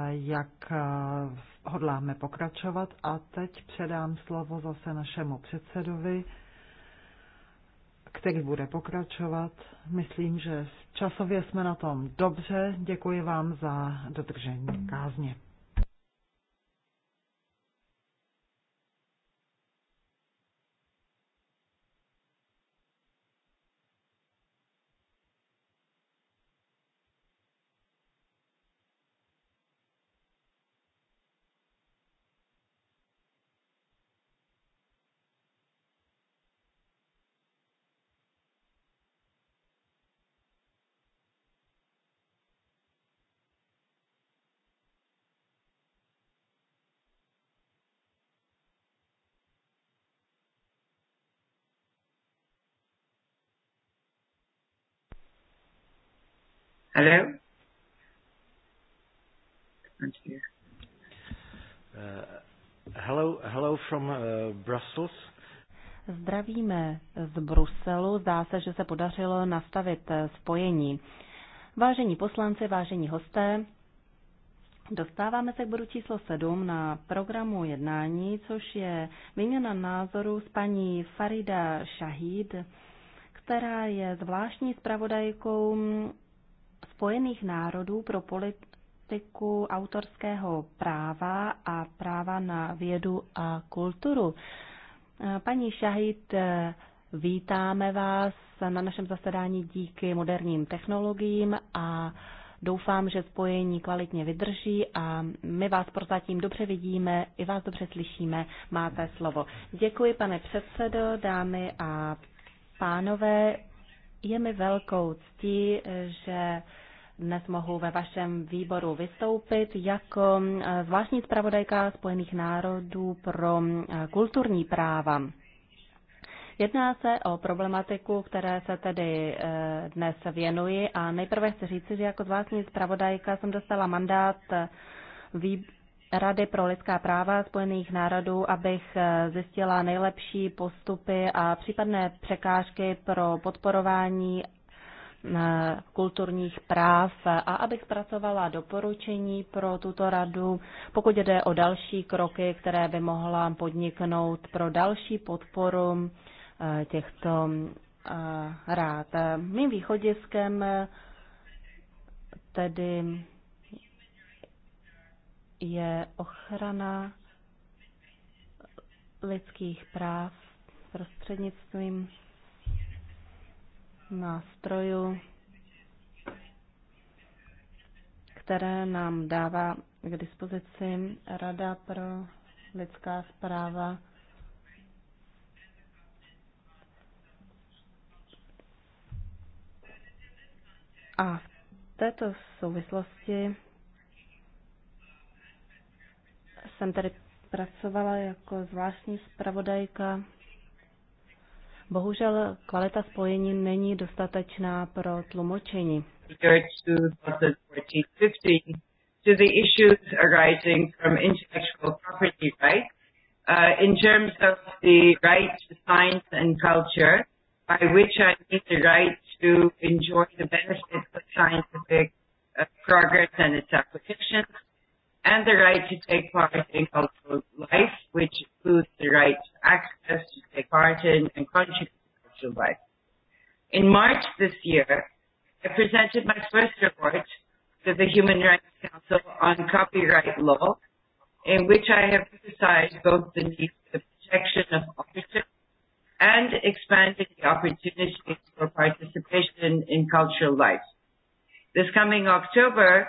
Speaker 4: jak hodláme pokračovat. A teď předám slovo zase našemu předsedovi, který bude pokračovat. Myslím, že časově jsme na tom dobře. Děkuji vám za dodržení kázně. Hello? Uh,
Speaker 3: hello, hello from uh, Brussels.
Speaker 2: Zdravíme z Bruselu. Zdá se, že se podařilo nastavit uh, spojení. Vážení poslanci, vážení hosté, Dostáváme se k bodu číslo 7 na programu jednání, což je výměna názoru s paní Farida Shahid, která je zvláštní zpravodajkou Spojených národů pro politiku autorského práva a práva na vědu a kulturu. Eh, paní Šahit, eh, vítáme vás na našem zasedání díky moderním technologiím a Doufám, že spojení kvalitně vydrží a my vás prozatím dobře vidíme, i vás dobře slyšíme. Máte slovo. Děkuji, pane předsedo, dámy a pánové. Je mi velkou ctí, že dnes mohu ve vašem výboru vystoupit jako eh, zvláštní zpravodajka Spojených národů pro eh, kulturní práva. Jedná se o problematiku, které se tedy eh, dnes věnuji a nejprve chci říci, že jako zvláštní zpravodajka jsem dostala mandát Rady pro lidská práva Spojených národů, abych eh, zjistila nejlepší postupy a případné překážky pro podporování eh, kulturních práv a abych zpracovala doporučení pro tuto radu, pokud jde o další kroky, které by mohla podniknout pro další podporu eh, těchto rád. Mým východiskem tedy je ochrana lidských práv prostřednictvím nástrojů, které nám dává k dispozici Rada pro lidská zpráva A v této souvislosti jsem tady pracovala jako zvláštní zpravodajka. Bohužel kvalita spojení není dostatečná pro tlumočení.
Speaker 1: To the issues arising from intellectual property rights uh, in terms of the right to science and culture, by which I mean the right to enjoy the benefits of scientific uh, progress and its applications, and the right to take part in cultural life, which includes the right to access, to take part in, and contribute to cultural life. In March this year, I presented my first report to the Human Rights Council on copyright law, in which I have emphasized both the need for the protection of authorship and expanded the opportunities for participation in cultural life. This coming October,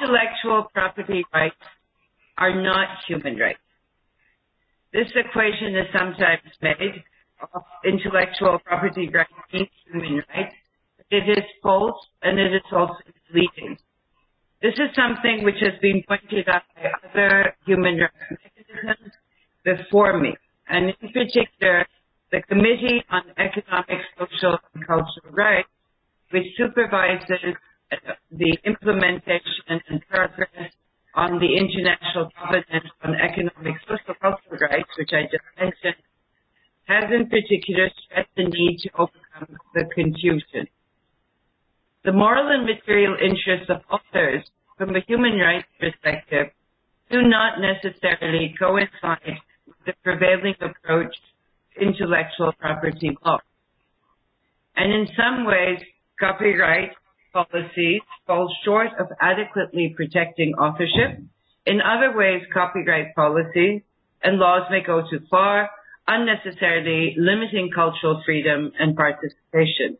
Speaker 1: Intellectual property rights are not human rights. This equation is sometimes made of intellectual property rights being human rights, but it is false and it is also misleading. This is something which has been pointed out by other human rights mechanisms before me, and in particular, the Committee on Economic, Social, and Cultural Rights, which supervises the implementation and progress on the International Covenant on Economic, Social, Cultural Rights, which I just mentioned, has in particular stressed the need to overcome the confusion. The moral and material interests of authors from a human rights perspective do not necessarily coincide with the prevailing approach to intellectual property law. And in some ways, copyright policy falls short of adequately protecting authorship. In other ways, copyright policy and laws may go too far, unnecessarily limiting cultural freedom and participation.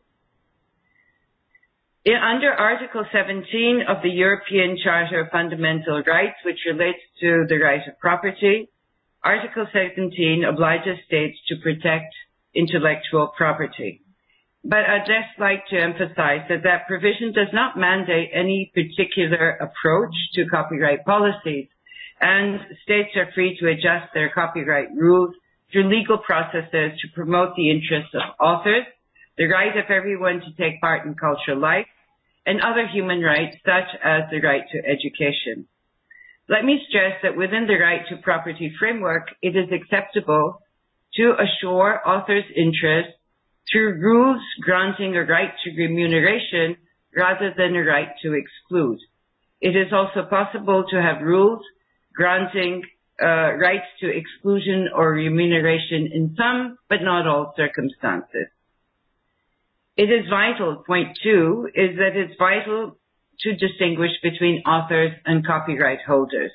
Speaker 1: In, under Article 17 of the European Charter of Fundamental Rights, which relates to the right of property, Article 17 obliges states to protect intellectual property. But I'd just like to emphasize that that provision does not mandate any particular approach to copyright policies, and states are free to adjust their copyright rules through legal processes to promote the interests of authors, the right of everyone to take part in cultural life, and other human rights such as the right to education. Let me stress that within the right to property framework, it is acceptable to assure authors' interests through rules granting a right to remuneration rather than a right to exclude. It is also possible to have rules granting uh, rights to exclusion or remuneration in some, but not all circumstances. It is vital, point two, is that it's vital to distinguish between authors and copyright holders.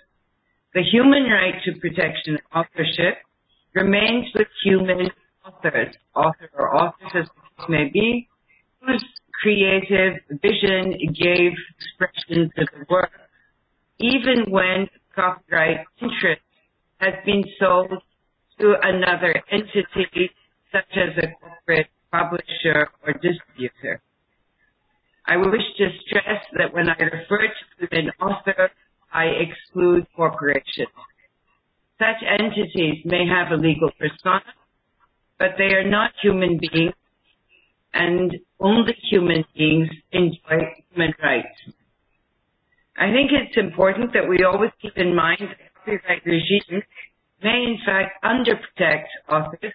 Speaker 1: The human right to protection of authorship remains with human authors, author or authors as the case may be, whose creative vision gave expression to the work, even when copyright interest has been sold to another entity such as a corporate publisher or distributor. I wish to stress that when I refer to an author, I exclude corporations. Such entities may have a legal persona, but they are not human beings, and only human beings enjoy human rights. I think it's important that we always keep in mind that copyright regimes may in fact underprotect authors,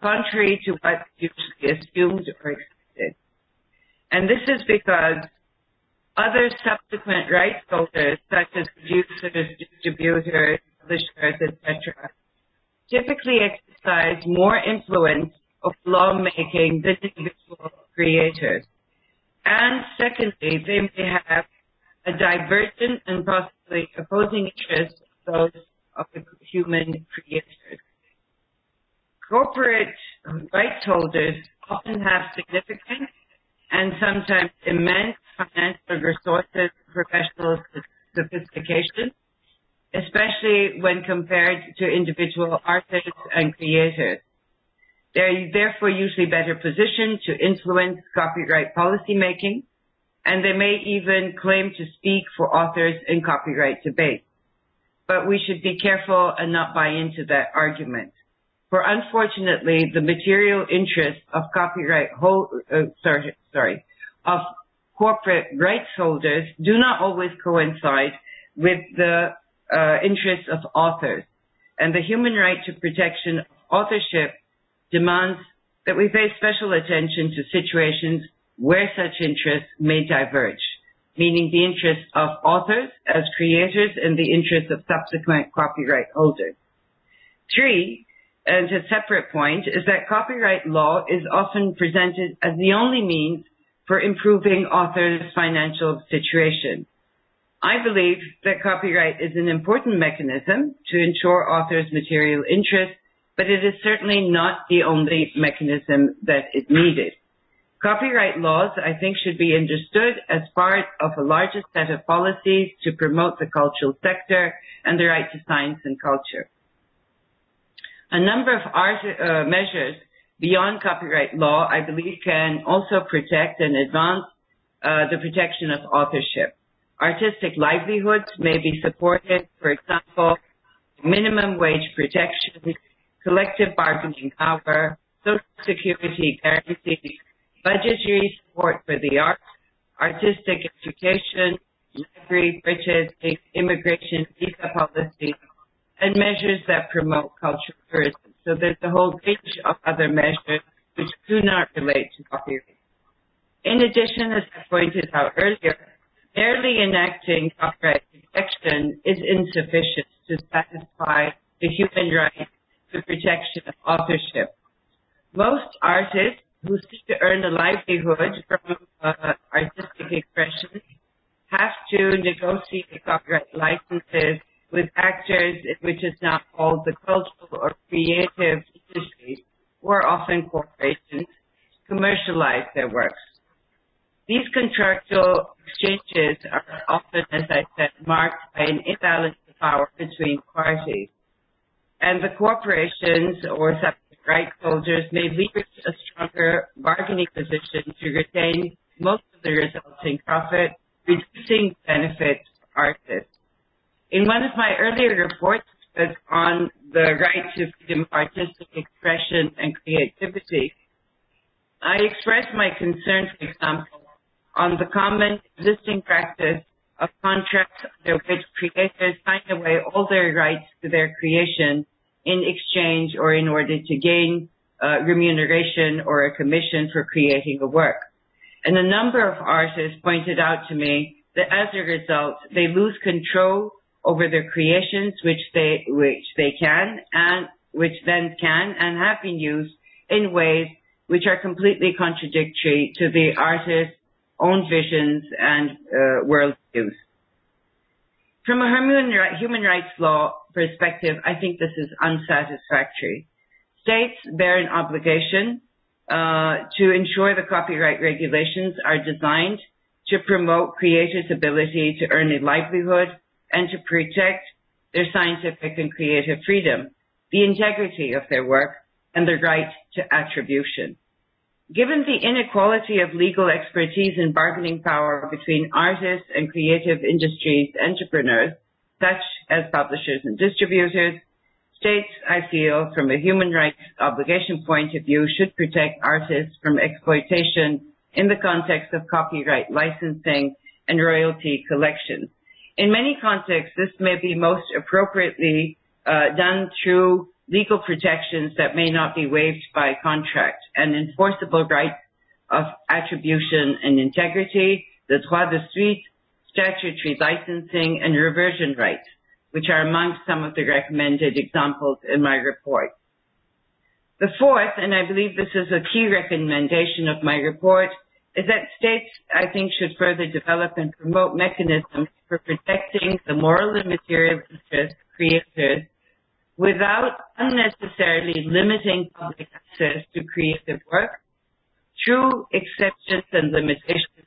Speaker 1: contrary to what is usually assumed or expected. And this is because other subsequent rights holders, such as producers, distributors, publishers, etc., typically exercise more influence of lawmaking than individual creators. And secondly, they may have a divergent and possibly opposing interest of those of the human creators. Corporate rights holders often have significant and sometimes immense financial resources, professional sophistication, especially when compared to individual artists and creators. They are therefore usually better positioned to influence copyright policy making, and they may even claim to speak for authors in copyright debates. But we should be careful and not buy into that argument. For unfortunately, the material interests of copyright hold, uh, sorry, sorry, of corporate rights holders do not always coincide with the uh, interests of authors. And the human right to protection of authorship demands that we pay special attention to situations where such interests may diverge, meaning the interests of authors as creators and the interests of subsequent copyright holders. Three, and a separate point, is that copyright law is often presented as the only means for improving authors' financial situation i believe that copyright is an important mechanism to ensure authors' material interests, but it is certainly not the only mechanism that is needed. Copyright laws, I think, should be understood as part of a larger set of policies to promote the cultural sector and the right to science and culture. A number of art, uh, measures beyond copyright law, I believe, can also protect and advance uh, the protection of authorship. Artistic livelihoods may be supported, for example, minimum wage protection, collective bargaining power, social security guarantees, budgetary support for the arts, artistic education, library bridges, immigration, visa policy, and measures that promote cultural tourism. So there's a whole range of other measures which do not relate to copyright. In addition, as I pointed out earlier, merely enacting copyright protection is insufficient to satisfy the human right to protection of authorship. Most artists who seek to earn a livelihood from uh, artistic expression have to negotiate copyright licenses with actors in which is now called the cultural or creative industries, or often corporations, commercialize their works. These contractual exchanges are often, as I said, marked by an imbalance of power between parties, and the corporations or subject rights holders may leverage a stronger bargaining position to retain most of the resulting profit, reducing benefits for artists. In one of my earlier reports on the right to freedom of artistic expression and creativity, I expressed my concern, for example, on the common existing practice of contracts under which creators sign away all their rights to their creation in exchange or in order to gain uh, remuneration or a commission for creating a work. And a number of artists pointed out to me that as a result, they lose control over their creations, which they, which they can and which then can and have been used in ways which are completely contradictory to the artist's own visions and uh, worldviews. From a human, human rights law perspective, I think this is unsatisfactory. States bear an obligation uh, to ensure the copyright regulations are designed to promote creators' ability to earn a livelihood and to protect their scientific and creative freedom, the integrity of their work, and the right to attribution. Given the inequality of legal expertise and bargaining power between artists and creative industries entrepreneurs, such as publishers and distributors, states, I feel, from a human rights obligation point of view, should protect artists from exploitation in the context of copyright licensing and royalty collection. In many contexts, this may be most appropriately uh, done through legal protections that may not be waived by contract, an enforceable right of attribution and integrity, the droit de suite, statutory licensing, and reversion rights, which are among some of the recommended examples in my report. The fourth, and I believe this is a key recommendation of my report, is that states, I think, should further develop and promote mechanisms for protecting the moral and material interests, creators, without unnecessarily limiting public access to creative work through exceptions and limitations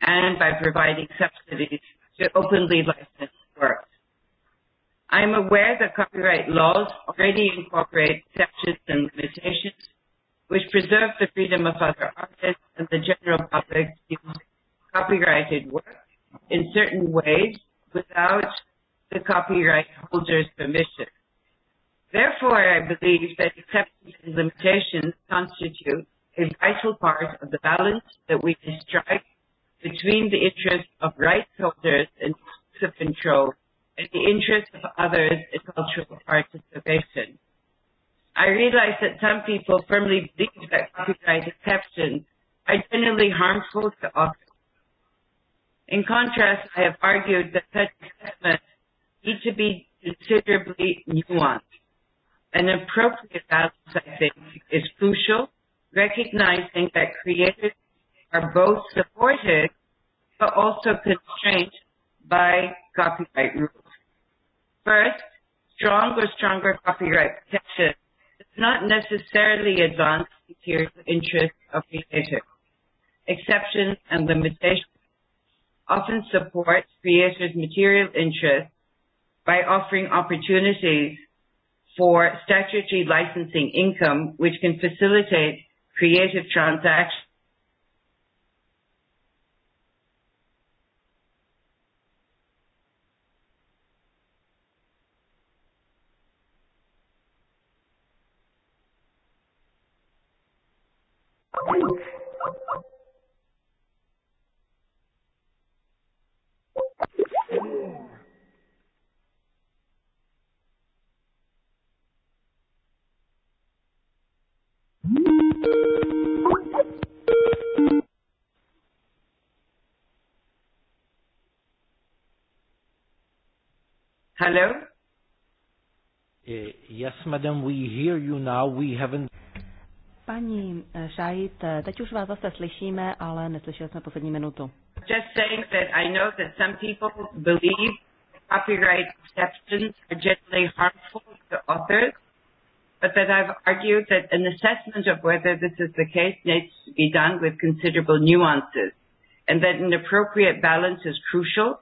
Speaker 1: and by providing subsidies to openly licensed works. I'm aware that copyright laws already incorporate exceptions and limitations which preserve the freedom of other artists and the general public to use copyrighted work in certain ways without the copyright holder's permission. Therefore, I believe that acceptance and limitations constitute a vital part of the balance that we can strike between the interests of rights holders and control and the interests of others in cultural participation. I realize that some people firmly believe that copyright exceptions are generally harmful to authors. In contrast, I have argued that such assessments need to be considerably nuanced. An appropriate balance, I think, is crucial, recognizing that creators are both supported but also constrained by copyright rules. First, strong or stronger copyright protection does not necessarily advance the material interests of creators. Exceptions and limitations often support creators' material interests by offering opportunities for statutory licensing income, which can facilitate creative transactions Hello? Eh, yes, madam, we hear
Speaker 2: you now. We haven't... Paní eh, Šajit, eh, teď už vás zase slyšíme, ale neslyšeli jsme poslední minutu.
Speaker 1: Just saying that I know that some people believe copyright exceptions are generally harmful to authors, but that I've argued that an assessment of whether this is the case needs to be done with considerable nuances, and that an appropriate balance is crucial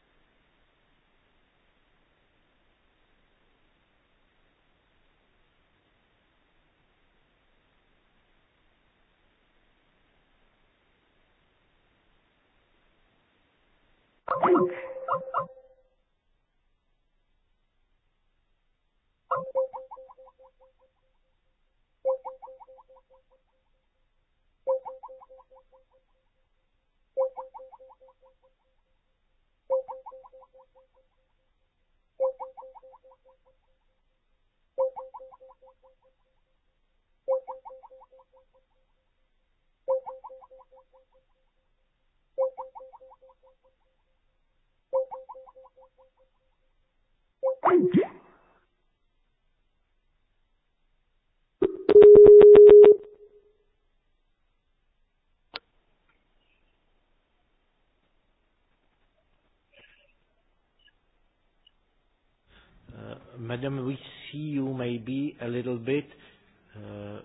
Speaker 4: Madam, we see you maybe a little bit. Uh,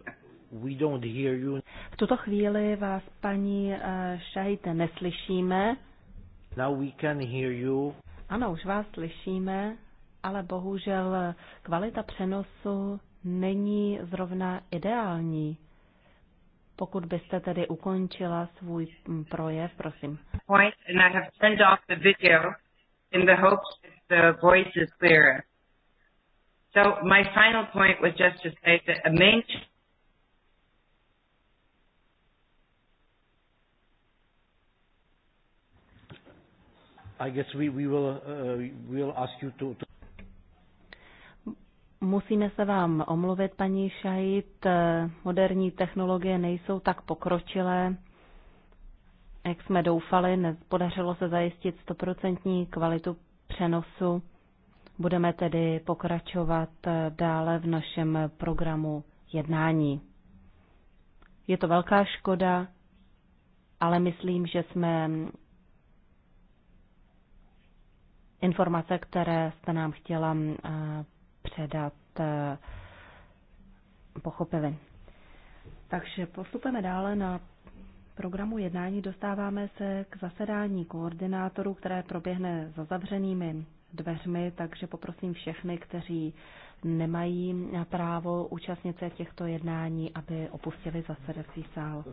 Speaker 4: we don't hear you.
Speaker 2: V tuto chvíli vás, paní uh, eh, Šajte, neslyšíme. Now we can hear you. Ano, už vás slyšíme, ale bohužel eh, kvalita přenosu není zrovna ideální. Pokud byste tedy ukončila svůj mm, projev, prosím.
Speaker 1: Point and I have turned off the video
Speaker 2: in the hopes
Speaker 1: that the voice is clearer. So my final point was just to say that a main
Speaker 3: I guess we, we will, uh, we'll ask you to, to...
Speaker 2: Musíme se vám omluvit, paní Šajit. Eh, moderní technologie nejsou tak pokročilé, jak jsme doufali. Nepodařilo se zajistit stoprocentní kvalitu přenosu Budeme tedy pokračovat dále v našem programu jednání. Je to velká škoda, ale myslím, že jsme informace, které jste nám chtěla eh, předat, eh, pochopili. Takže postupujeme dále na programu jednání. Dostáváme se k zasedání koordinátorů, které proběhne za zavřenými dveřmi, takže poprosím všechny, kteří nemají právo účastnit se těchto jednání, aby opustili zasedací sál.